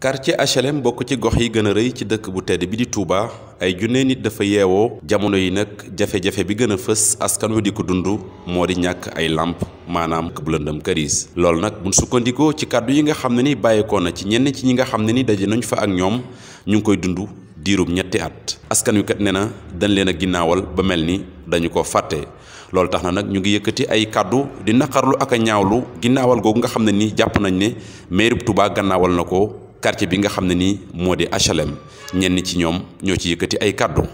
quartier HLM bokk ci gox yi gën a rëy ci dëkk bu tedd bi di Touba ay junne nit dafa yeewoo jamono yi nag jafe-jafe bi gën a fës askan wi di ko dund moo di ñàkk ay làmp maanaam bu lëndëm këriis loolu nag buñ sukkandikoo ci kàddu yi nga xam ne ni bàyyeekoo na ci ñenn ci ñi nga xam ne ni daje nañu fa ak ñoom ñu ngi koy dund diirub ñetti at askan wi kat nee na dañ leen a ginnaawal ba mel ni dañu ko fàtte loolu tax na nag ñu ngi yëkkati ay kàddu di naqarlu ak ñaawlu ginnaawal googu nga xam ne ni jàpp nañ ne mairie bu gannaawal na ko quartier bi nga xam ne nii moo di HLM ñenn ci ñoom ñoo ci yëkkati ay kàddu.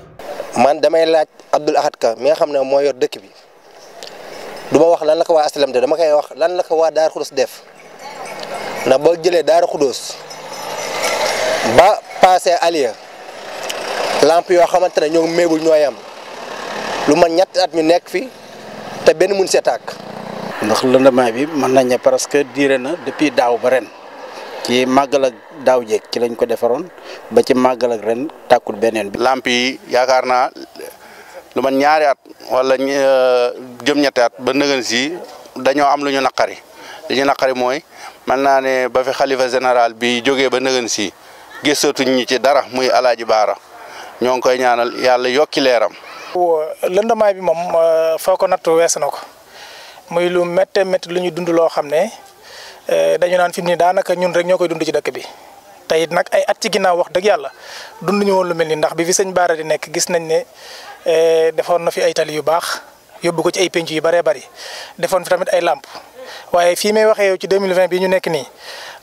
man damay laaj Abdoul Ahad mi nga xam ne moo yor dëkk bi du ma wax lan la ko waa HLM de dama koy wax lan la ko waa Darou Khoudoss def ndax boo jëlee Darou Khoudoss ba passé Aliya lamp yoo xamante ne ñoo méebul ñooy am lu man ñetti at ñu nekk fi te benn mun see tàkk. ndax lëndamaay bi mën nañ parce que diire na depuis daaw ba ren. ci màggal ak daaw jéeg ci lañ ko defaroon ba ci màggal ak ren tàkkul beneen bi. lamp yi yaakaar naa lu man ñaari at wala euh, jëm ñetti at ba nëgën si dañoo am luñu ñu naqari li ñu mooy mën naa ne ba fi xalifa général bi jógee ba nëgën si gisatuñ ñu ci dara muy alaaji baara ñoo ngi koy ñaanal yàlla yokki leeram. lëndamaay bi moom euh, foo ko natt weesu muy lu méttee métti lu ñu dund loo xam ne. Eh, dañu naan fi nii daanaka ñun rek ñoo koy dund ci dëkk bi tey it nag ay at ci ginnaaw wax dëgg yàlla dund ñu woon lu mel ni ndax bi fi sëñ Baara di nekk gis nañ ne eh, defoon na fi ay tali yu baax yóbbu ko ci ay penc yu bëree bëri defoon fi tamit ay làmp waaye fii may waxee yow ci 2020 bi ñu nekk nii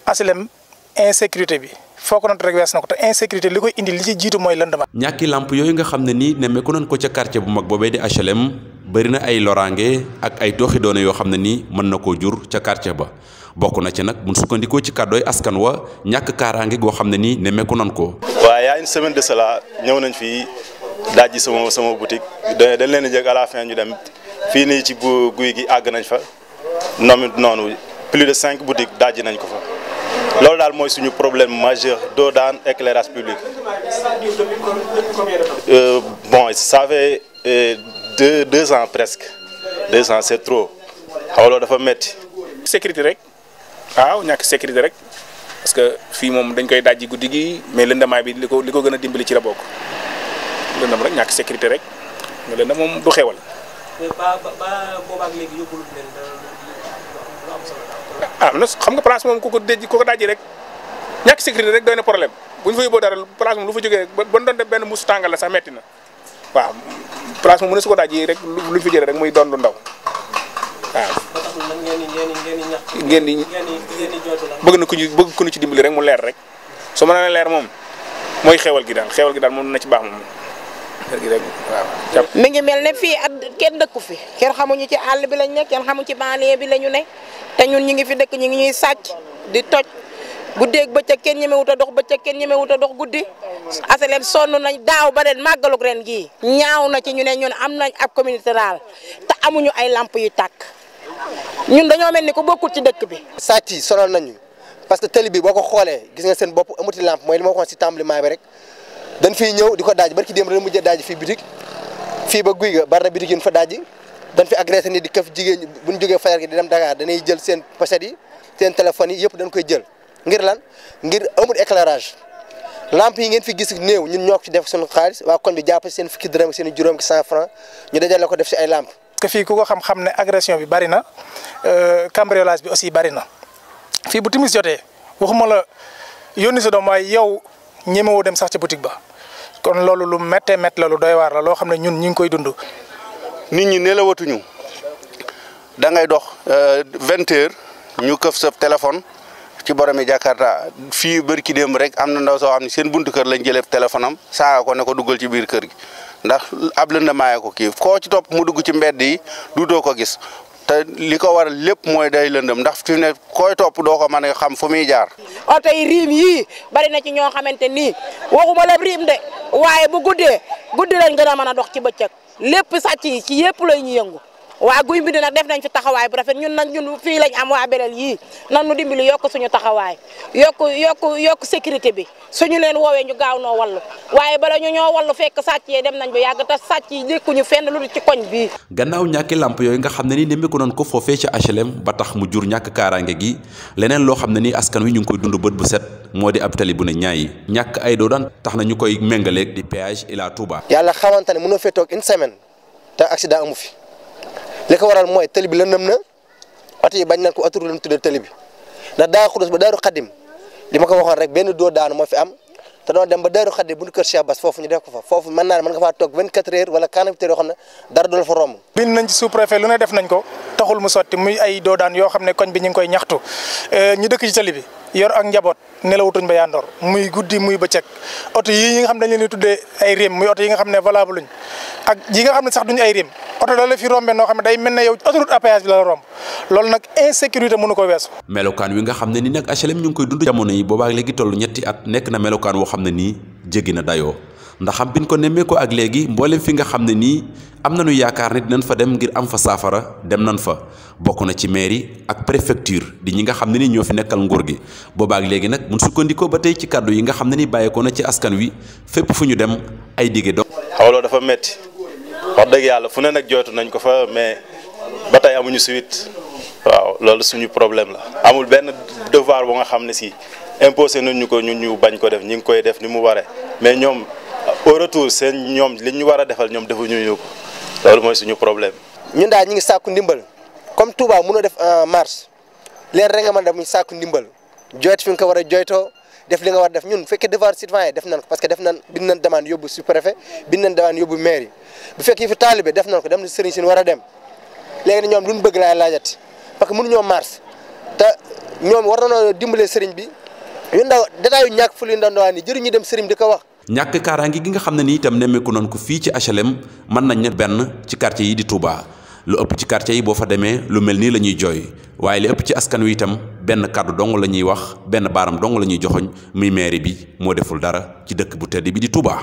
asilem insécurité bi foo ko nat rek wees na ko te insécurité li koy indi li ci jiitu mooy lëndama. ñàkki làmp yooyu nga xam ne nii nemmeeku nañ ko ca quartier bu mag boobee di HLM bëri na ay loraange ak ay tooxi doone yoo xam ne nii mën na koo jur ca quartier ba. bokk na ci nag mun sukkandikoo ci kàddooy askan wa ñàkk kaaraange goo xam ne nii nemmeeku nan ko. waaw yaa une semaine de cela ñëw nañ fii daaj sama sama boutique dañ leen a jëg ñu dem fii nii ci bu guy gi àgg nañ fa noonu noonu plus de cinq boutiques daaj nañ ko fa. loolu daal mooy suñu problème majeur doo daan éclairage public euh, bon ça fait euh, deux deux ans presque deux ans c'est trop xawloo dafa metti sécurité rek waaw ñàkk sécurité rek parce que fii moom dañ koy dajji guddi gi mais lëndamaay bi li ko li gën a dimbali ci la bokk lëndam rek ñàkk sécurité rek nga lëndam moom du xewal. ba ba boobaag léegi yóbbu lu ah, na xam moom ku ko daj ku rek ñàkk sécurité rek doy na problème bu ñu fa yóbboo dara place moom lu fa jógee rek ba doon benn musu tàngal la sax metti na waaw place moom mën na su ko dajji rek lu fi jële rek muy doon lu ndaw ñaxtu nag bëgg na ku ñu bëgg ku ñu ci dimbali rek mu leer rek su ma nee leer moom mooy xewal gi daal xewal gi daal moom na ci baax moom. mi ngi mel ne fii at kenn dëkku fi kenn xamuñu ci àll bi lañ nekk kenn xamu ci banlieue bi la ne te ñun ñu ngi fi dëkk ñu ngi ñuy sàcc di toj guddeeg bëccëg kenn ñemewut a dox bëccëg kenn ñemewut a dox guddi asalem sonn nañ daaw ba ren màggalug ren gii ñaaw na ci ñu ne ñun am nañ ab communauté rurale te amuñu ay làmp yu tàkk ñun dañoo mel ni ku bokkut ci dëkk bi. sàcc yi sonal nañu parce que tali bi boo ko xoolee gis nga seen bopp amati làmp mooy li ko waxoon si tàmbalement bi rek dañ fiy ñëw di ko daaj barki démb dana mujj a daaj fii bitik fii ba guy ga bari na bitik fa daaj dañ fi agressé nii di këf jigéen ñi bu ñu jógee fajar gi di dem Dakar dañuy jël seen pochette yi seen téléphones yi yëpp dañ koy jël ngir lan ngir amul éclairage lampe yi ngeen fi gis néew ñun ñoo ko def suñu xaalis waa kon bi jàpp seen fukki dërëm seen i juróom ki cent franc ñu dajale ko def si ay làmp que fii ku ko xam-xam ne agression bi bari na euh, cambriolage bi aussi bari na fii bu timis jotee waxuma la yónni sa doom waaye yow ñemewoo dem sax ci boutique ba kon loolu lu méttee métt loolu lu waar la loo xam ne ñun ñu ngi koy dund. nit ñi nelawatuñu dangay dox euh, vingt heures ñu këf sa téléphone ci boromi Jakarta fii bari ki dem rek am na ndaw soo xam ne seen buntu kër lañ jëlee téléphone am saaga ko ne ko duggal ci biir kër gi. ndax ab lëndamaay ko kii koo ci topp mu dugg ci mbedd yi doo ko gis te li ko waral lépp mooy day lëndëm ndax fi ne koy topp doo ko mën a xam fu muy jaar. oto yi riim yii bari na ci ñoo xamante nii waxuma la riim de waaye bu guddee guddi lañ gën a mën a dox ci bëccëg lépp sàcc yi ci yépp lay ñu yëngu. waa guy mbind nag def nañ ci taxawaay bu rafet ñun nag ñun fii lañ am waa Belel yii nan nu dimbali yokk suñu taxawaay yokk yokk yokk sécurité bi suñu leen woowee ñu gaaw noo wallu waaye bala ñu ñoo wallu fekk sàcc yee dem nañ ba yàgg te sàcc yi nekkuñu fenn lu dul ci koñ bii gannaaw ñàkki lamp yooyu nga xam ne ni nemmeeku noonu ko foofee ci HLM ba tax mu jur ñàkk kaaraange gi leneen loo xam ne nii askan wi ñu ngi koy dund bët bu set moo di ab tali bu ne ñaayi ñàkk ay tax na ñu koy méngaleeg di péage Ila Touba yàlla xamante ne mënoo fee toog une semaine te accident amu fi li ko waral mooy tëli bi lëndëm na oto yi bañ nañ ko atur lañ tuddee tëli bi ndax daa xudus ba daaru xadim li ma ko waxoon rek benn doo daanu moo fi am te doon dem ba daaru xadim bu ñu kër Cheikh Bass foofu ñu def ko fa foofu mën naa ne mën nga faa toog 24 heures wala 48 heures yoo xam ne dara du fa romb. bind nañ sous préfet lu ne def nañ ko taxul mu sotti muy ay doodaan yoo xam ne koñ bi ñu ngi koy ñaxtu euh, ñu dëkk ci tali bi yor ak njaboot nelawutuñ ba yandoor muy guddi muy bëccëg oto yi nga xam dañ leen di tuddee ay réem muy oto xam ne valable luñ ak yi nga xam ne sax duñu ay réem oto la la fi rombee noo xam ne day mel ne yow autoroute à péage bi la la romb loolu nag insécurité ko weesu. melokaan wi nga xam ne ni nag ñu ngi koy dund jamono yi boobaa léegi toll ñetti at nekk na melokaan woo xam ne nii jéggi na dayoo. ndax bi biñ ko nemmeekoo ak léegi mboolem fi nga xam ne nii am na nañu yaakaar ne dinañ fa dem ngir am fa saafara dem nañ fa bokk na ci mairie ak préfecture di ñi nga xam ne ni ñoo fi nekkal nguur gi boobaak léegi nag mun sukkandikoo ba tey ci kàddu yi nga xam ne ni bàyyeekoo na ci askan wi fépp fu ñu dem ay digge do xawloo dafa metti wax dëgg yàlla fu ne nag jooytu nañ ko fa mais ba tey amuñu suite waaw loolu suñu problème la amul benn devoir bu nga xam ne si imposé nañ ñu ko ñun ñu bañ ko def ñi ngi koy def ni mu waree au retour seen ñoom li ñu war a defal ñoom defuñu ñu ko loolu mooy suñu problème. ñun daal ñu ngi sàkku ndimbal comme Touba mënoo def en euh, marche leen rek nga mën a def mu sàkku ndimbal jooyt fi nga ko war a jooytoo def li nga war def ñun bu fekkee devoir citoyen def nañ ko que def nañ bind nañ demande yóbbu sous préfet bind nañ demande yóbbu maire yi bu fekkee fi taalibe def nañ ko dem na sëriñ si war a dem léegi ñoom lu ñu bëgg laay laajati parce que mënuñoo marche te ñoom war nañoo dimbale sëriñ bi yu ndaw détail yu ñàkk fu lu ndaw ndawaan yi jëriñu dem sëriñ di ko wax ñàkk kaaraange gi nga xam ne ni itam nemmeeku noonu ko fii ci HLM mën nañ ne benn ci quartier yi di Touba lu ëpp ci quartier yi boo fa demee lu mel nii la ñuy jooy waaye li ëpp ci askan wi itam benn kàddu dong la ñuy wax benn baaram dong la ñuy joxoñ muy mairie bi moo deful dara ci dëkk bu tedd bi di Touba.